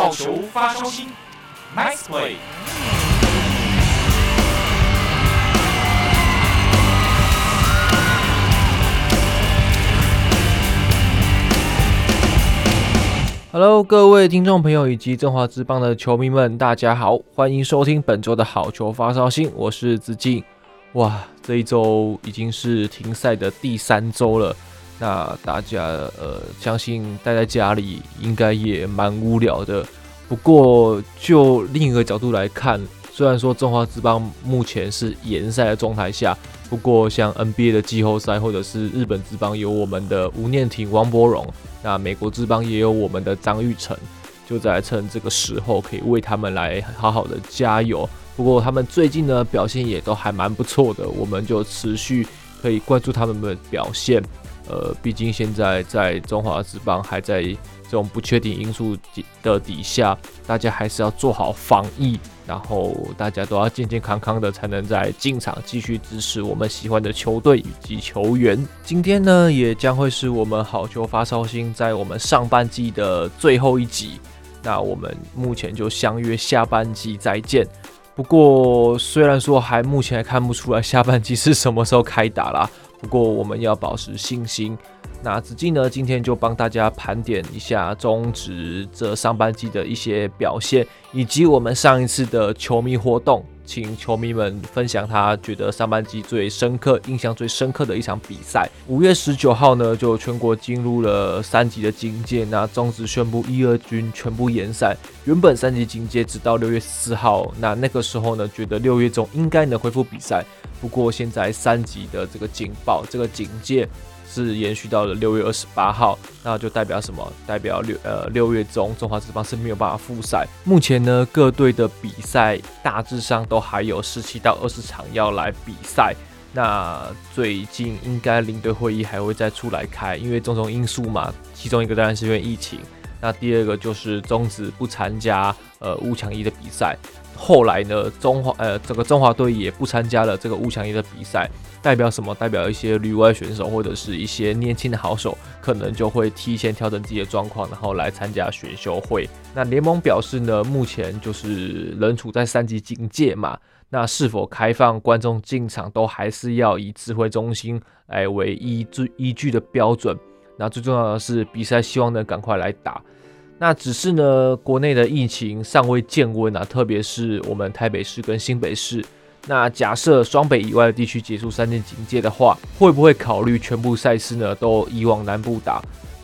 好球發燒星，Nice Play。Hello，各位聽眾朋友以及中華職棒的球迷們，大家好，歡迎收聽本周的好球發燒星，我是子靖。哇，這一周已經是停賽的第三周了。那大家呃，相信待在家裡應該也蠻無聊的。不過就另一個角度來看，雖然說中華職棒目前是延賽的狀態下，不過像 NBA 的季後賽或者是日本職棒有我們的吳念庭、王柏融，那美國職棒也有我們的張育成，就在趁這個時候可以為他們來好好的加油。不過他們最近呢表現也都還蠻不錯的，我們就持續可以關注他們的表現。呃，畢竟現在在中華職棒還在這種不確定因素的底下，大家還是要做好防疫，然後大家都要健健康康的，才能在進場繼續支持我們喜歡的球隊以及球員。今天呢，也將會是我們好球發燒星在我們上半季的最後一集，那我們目前就相約下半季再見。不過，雖然說還目前還看不出來下半季是什麼時候開打啦。不過我們要保持信心。那子靖呢？今天就幫大家盤點一下中職這上半季的一些表現，以及我們上一次的球迷活動。請球迷們分享他覺得上半季最深刻、印象最深刻的一場比賽。五月十九號呢，就全國進入了三級的警戒，那中職宣布一、二軍全部延賽。原本三級警戒直到六月四號，那那個時候呢，覺得六月中應該能恢復比賽。不過現在三級的這個警報、這個警戒。是延續到了六月二十八號，那就代表什麼？代表六、呃、六月中中華職棒是沒有辦法復賽。目前呢，各隊的比賽大致上都還有十七到二十場要來比賽。那最近應該領隊會議還會再出來開，因為種種因素嘛，其中一個當然是因為疫情。那第二個就是終止不參加呃五強一的比賽。後來呢，中華呃整個中華隊也不參加了這個五強一的比賽。代表什麼？代表一些旅外選手或者是一些年輕的好手，可能就會提前調整自己的狀況，然後來參加選秀會。那聯盟表示呢，目前就是仍處在三級警戒嘛。那是否開放觀眾進場，都還是要以指揮中心來為依據依據的標準。那最重要的是比賽，希望能趕快來打。那只是呢，國內的疫情尚未見溫啊，特別是我們台北市跟新北市。那假設雙北以外的地區解除三級警戒的話，會不會考慮全部賽事呢都移往南部打？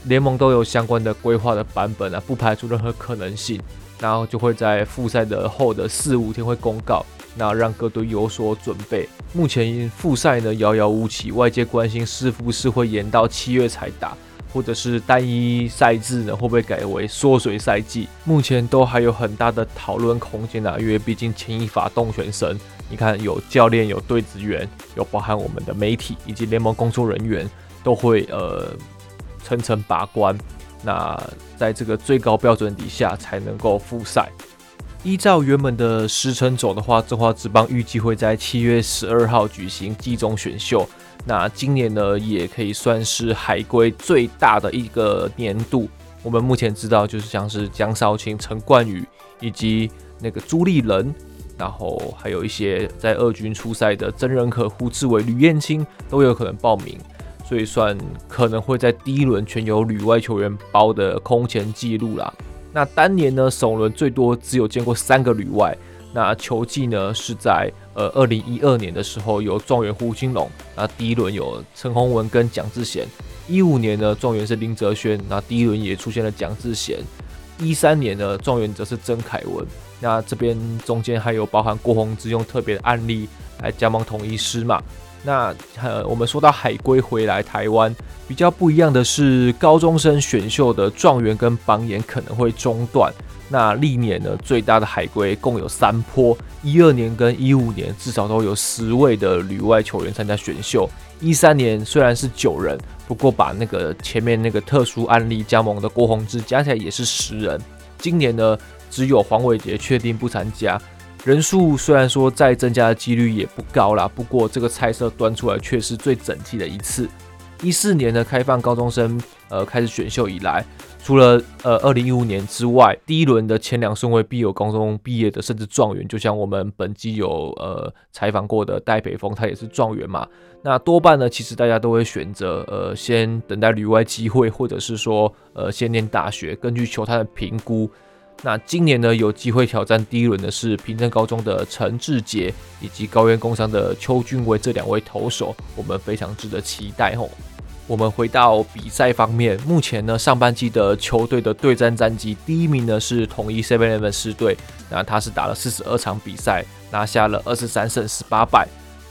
聯盟都有相關的規劃的版本啊，不排除任何可能性。然後就會在複賽的後的四五天會公告，那讓各隊有所準備。目前複賽呢遙遙無期，外界關心是不是會延到七月才打。或者是單一賽制呢，會不會改為縮水賽季？目前都還有很大的討論空間呢，啊，因為畢竟牽一髮動全身。你看，有教練，有隊職員，有包含我們的媒體以及聯盟工作人員，都會呃層層把關。那在這個最高標準底下，才能夠複賽。依照原本的時程走的話，中華職棒預計會在七月十二號舉行季中選秀。那今年呢，也可以算是海歸最大的一個年度。我們目前知道，就是像是江少卿、陳冠宇以及那個朱立人，然後還有一些在二軍出賽的曾仁可、胡志偉、呂彥青，都有可能報名，所以算可能會在第一輪全由旅外球員包的空前記錄啦。那當年呢，首輪最多只有見過三個旅外，那球季呢是在。呃，二零一二年的時候有狀元胡金龍，那第一輪有陳鴻文跟蔣智賢。一五年呢，狀元是林哲軒，那第一輪也出現了蔣智賢。一三年呢，狀元則是曾凱文。那這邊中間還有包含郭泓志，用特別的案例來加盟統一獅嘛。那，呃，我們說到海歸回來台灣，比較不一樣的是高中生選秀的狀元跟榜眼可能會中斷。那歷年呢最大的海歸共有三波，一二年跟一五年至少都有十位的旅外球員參加選秀，一三年雖然是九人，不過把那個前面那個特殊案例加盟的郭泓志加起來也是十人。今年呢只有黃偉杰確定不參加，人數雖然說再增加的幾率也不高啦，不過這個菜色端出來卻是最整齊的一次。一四年的開放高中生呃開始選秀以來。除了呃，二零一五年之外，第一輪的前兩順位必有高中畢業的，甚至狀元，就像我們本集有呃採訪過的戴培峰，他也是狀元嘛。那多半呢，其實大家都會選擇呃，先等待旅外機會，或者是說呃，先念大學。根據球探的評估，那今年呢，有機會挑戰第一輪的是平鎮高中的陳志杰以及高苑工商的邱俊威這兩位投手，我們非常值得期待哦。我們回到比賽方面，目前呢，上半季的球隊的對戰戰績，第一名呢是統一 seven eleven 獅隊，那他是打了四十二場比賽，拿下了二十三勝十八敗。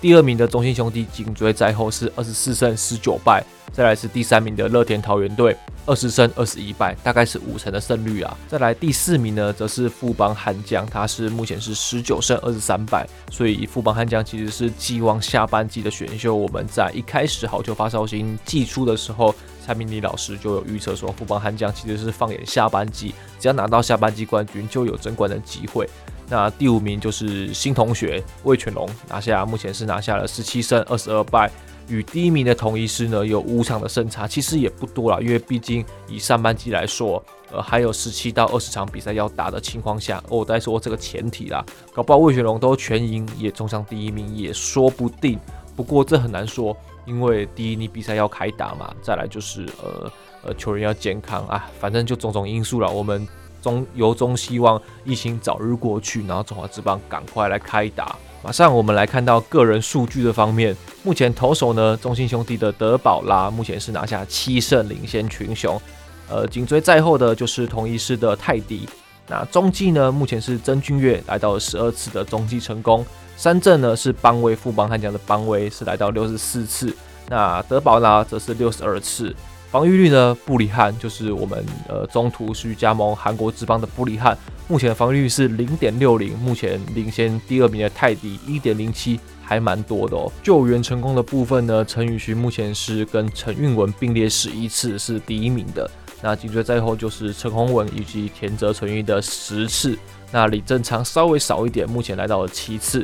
第二名的中信兄弟緊追在後，是二十四勝十九敗。再來是第三名的樂天桃園隊，二十勝二十一敗，大概是五成的勝率啊。再來第四名呢，則是富邦悍將，他是目前是十九勝二十三敗，所以富邦悍將其實是寄望下半季的選秀。我們在一開始好球發燒星季初的時候，蔡明里老師就有預測說，富邦悍將其實是放眼下半季，只要拿到下半季冠軍，就有爭冠的機會。那第五名就是新同學味全龍拿下，目前是拿下了十七勝二十二敗，與第一名的統一獅呢有五場的勝差，其實也不多了，因為畢竟以上半季來說，呃，還有十七到二十場比賽要打的情況下，哦，我再說這個前提啦，搞不好味全龍都全贏也衝上第一名也說不定，不過這很難說，因為第一你比賽要開打嘛，再來就是呃呃球員要健康啊，反正就種種因素了，我們。中由衷希望疫情早日過去，然後中華職棒趕快來開打。馬上我們來看到個人數據的方面，目前投手呢，中信兄弟的德保拉目前是拿下七勝領先群雄，呃，緊追在後的就是統一獅的泰迪。那中繼呢，目前是曾峻岳來到十二次的中繼成功，三振呢是邦威，富邦悍將的邦威是來到六十四次，那德保拉則是六十二次。防禦率呢？布里漢就是我們呃中途去加盟韓國職棒的布里漢，目前防禦率是零點六零，目前領先第二名的泰迪一點零七，還蠻多的哦。救援成功的部分呢，陳宇勳目前是跟陳韻文並列十一次，是第一名的。那緊追在後就是陳鴻文以及田澤純一的十次，那李正長稍微少一點，目前來到了七次。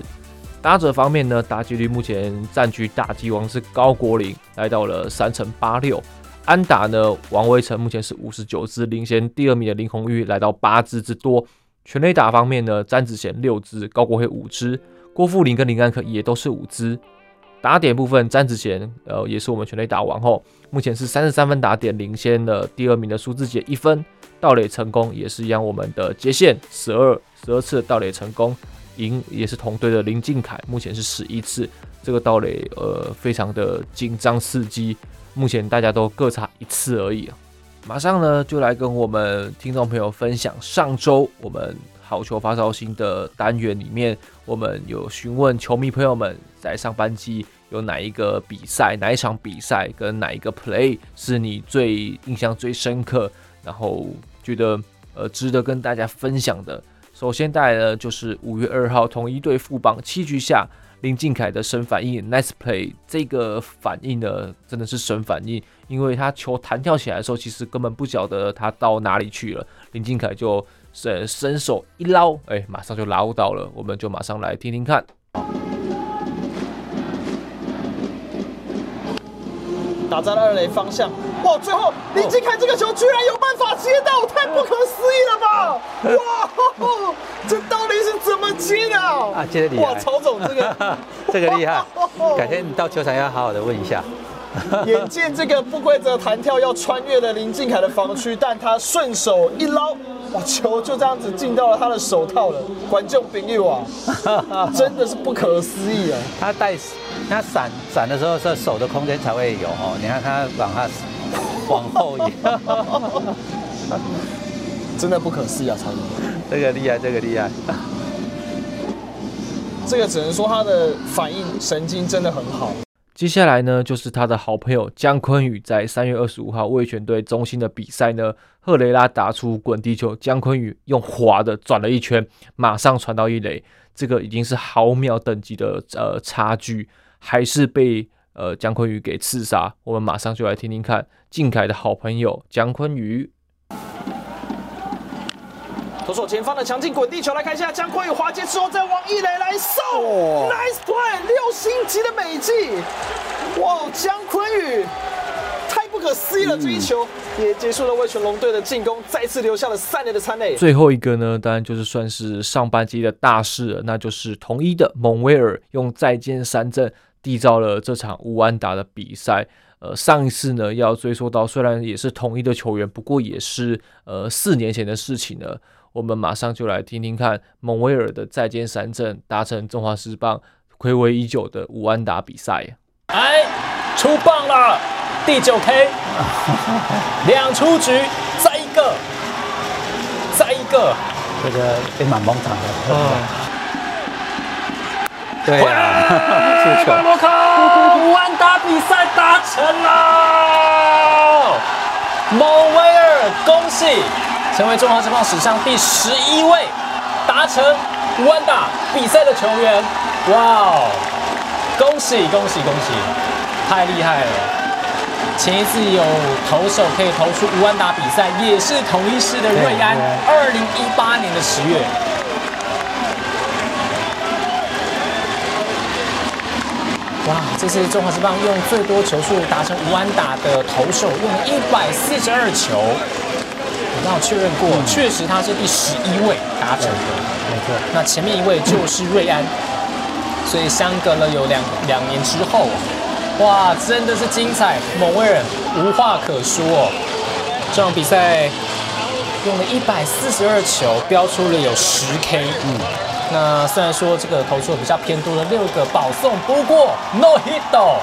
打者方面呢，打擊率目前占據打擊王是高國林，來到了三成八六。安打呢？王威晨目前是五十九支，領先第二名的林泓育來到八支之多。全壘打方面呢？詹子賢六支，高國輝五支，郭富林跟林安可也都是五支。打點部分，詹子賢呃也是我們全壘打王後，目前是三十三分打點，領先了第二名的蘇智傑一分。盜壘成、成功，也是一樣，我們的接線十二十二次盜壘成功，贏也是同隊的林靖凱目前是十一次。這個盜壘呃非常的緊張刺激。目前大家都各差一次而已。馬上呢就來跟我們聽眾朋友分享上周我們好球發燒星的單元裡面，我們有詢問球迷朋友們在上半季有哪一個比賽、哪一場比賽跟哪一個 play 是你最印象最深刻，然後覺得呃值得跟大家分享的。首先帶來的就是五月二號同一隊富邦七局下，林靖凱的神反應，Nice play，這個反應呢，真的是神反應，因為他球彈跳起來的時候，其實根本不曉得他到哪裡去了，林靖凱就伸伸手一撈，哎、欸，馬上就撈到了，我們就馬上來聽聽看，打在二壘方向。哇！最後林靖凱這個球居然有辦法接到，哦、太不可思議了吧，啊！哇，這到底是怎麼接的啊，啊？接著厲害哇，曹總這個 這個厲害，改天你到球場要好好的問一下。眼見這個不規則彈跳要穿越了林靖凱的防區， 但他順手一撈，哇，球就這樣子進到了他的手套了，觀眾朋友哇， 真的是不可思議啊！他帶他閃閃的時候，手的空間才會有哦。你看他往下。皇後一 真的不可思議，蔡明，這個厲害，這個厲害 ，這個只能說他的反應神經真的很好。接下來呢，就是他的好朋友江坤宇在三月二十五號味全對中信的比賽呢，赫雷拉打出滾地球，江坤宇用滑的轉了一圈，馬上傳到一壘，這個已經是毫秒等級的呃差距，還是被。呃，江坤宇給刺殺，我們馬上就來聽聽看靜凱的好朋友江坤宇。左手前方的強勁滾地球，來看一下江坤宇滑接之後再往一壘來掃、哦，Nice play，六星級的美技。哇，江坤宇太不可思議了！這一球，也結束了味全龍隊的進攻，再次留下了三年的殘壘。最後一個呢，當然就是算是上半季的大事，那就是統一的蒙威爾用再見三振，締造了這場無安打的比賽。呃，上一次呢，要追溯到雖然也是統一的球員，不過也是呃四年前的事情了。我們馬上就來聽聽看蒙威爾的再見三振達成中華職棒、暌違已久的無安打比賽。哎，出棒了，第九 K，兩出局，再一個，再一個，這個被滿棒打的。嗯對啊，來吧，我、欸、靠，無安打比賽達成啦！某威爾，恭喜成為中華職棒史上第十一位達成無安打比賽的球員。哇、wow, 哦，恭喜恭喜恭喜！太厲害了！前一次有投手可以投出無安打比賽，也是統一獅的瑞安，二零一八年的十月。哇，這是中華職棒用最多球數達成無安打的投手，用了一百四十二球，我剛好確認過，確實他是第十一位達成的，沒錯。那前面一位就是瑞安，所以相隔了有兩兩年之後，哇，真的是精彩，某位人無話可說喔。這場比賽用了一百四十二球，飆出了有十 K，嗯。那雖然說這個投出比較偏多的六個保送，不過 no hit 哦，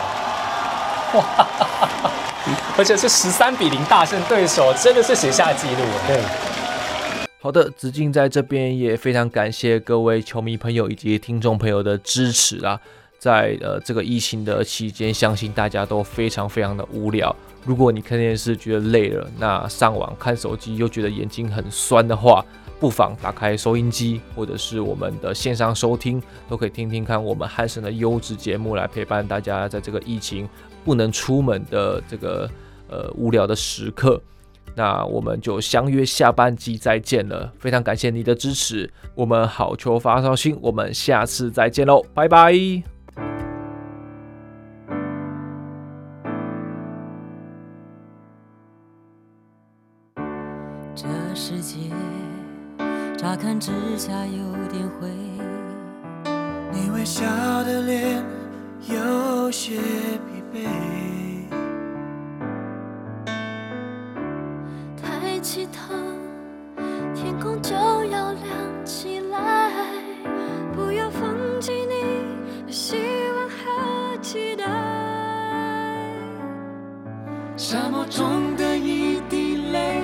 哇哈哈，而且是十三比零大勝對手，真的是寫下紀錄。對，好的，子靖在這邊也非常感謝各位球迷朋友以及聽眾朋友的支持啊，在呃這個疫情的期間，相信大家都非常非常的無聊。如果你看電視覺得累了，那上網看手機又覺得眼睛很酸的話。不妨打開收音機，或者是我們的線上收聽，都可以聽聽看我們漢聲的優質節目，來陪伴大家在這個疫情不能出門的這個呃無聊的時刻。那我們就相約下半季再見了，非常感謝你的支持，我們好球發燒星，我們下次再見嘍，拜拜。乍看之下有點灰，你微笑的臉有些疲憊。抬起頭，天空就要亮起來，不要放棄你的希望和期待。沙漠中的一滴淚，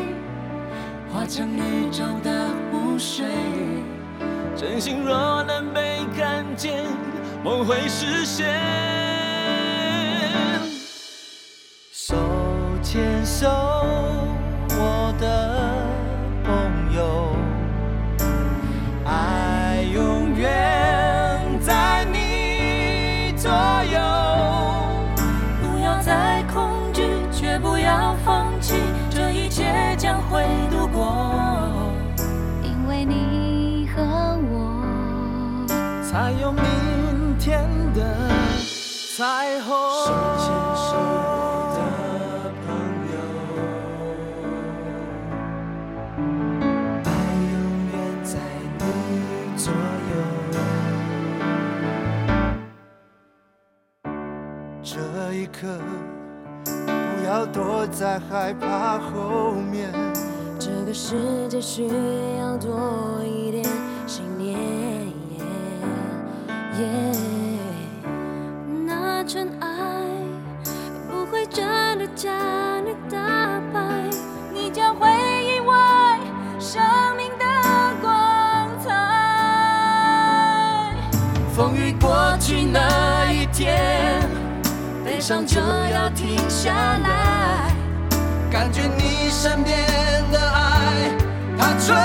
化成宇宙的。誰真心若能被看見，夢會實現。手牽手，我的朋友，愛永遠在你左右。不要再恐懼，卻不要放棄，這一切將會度過。還有明天的彩虹。時間是你的朋友，愛永遠在你左右。這一刻，不要躲在害怕後面。這個世界需要多一點信念。Yeah, 那純愛不會真的將你打敗，你將會意外生命的光彩。風雨過去那一天，悲傷就要停下來，感覺你身邊的愛，它純。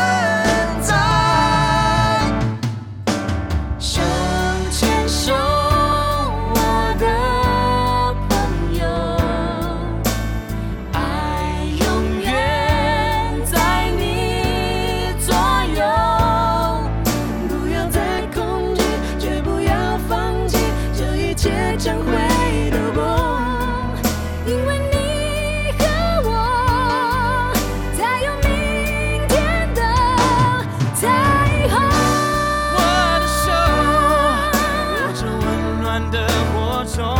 的火種。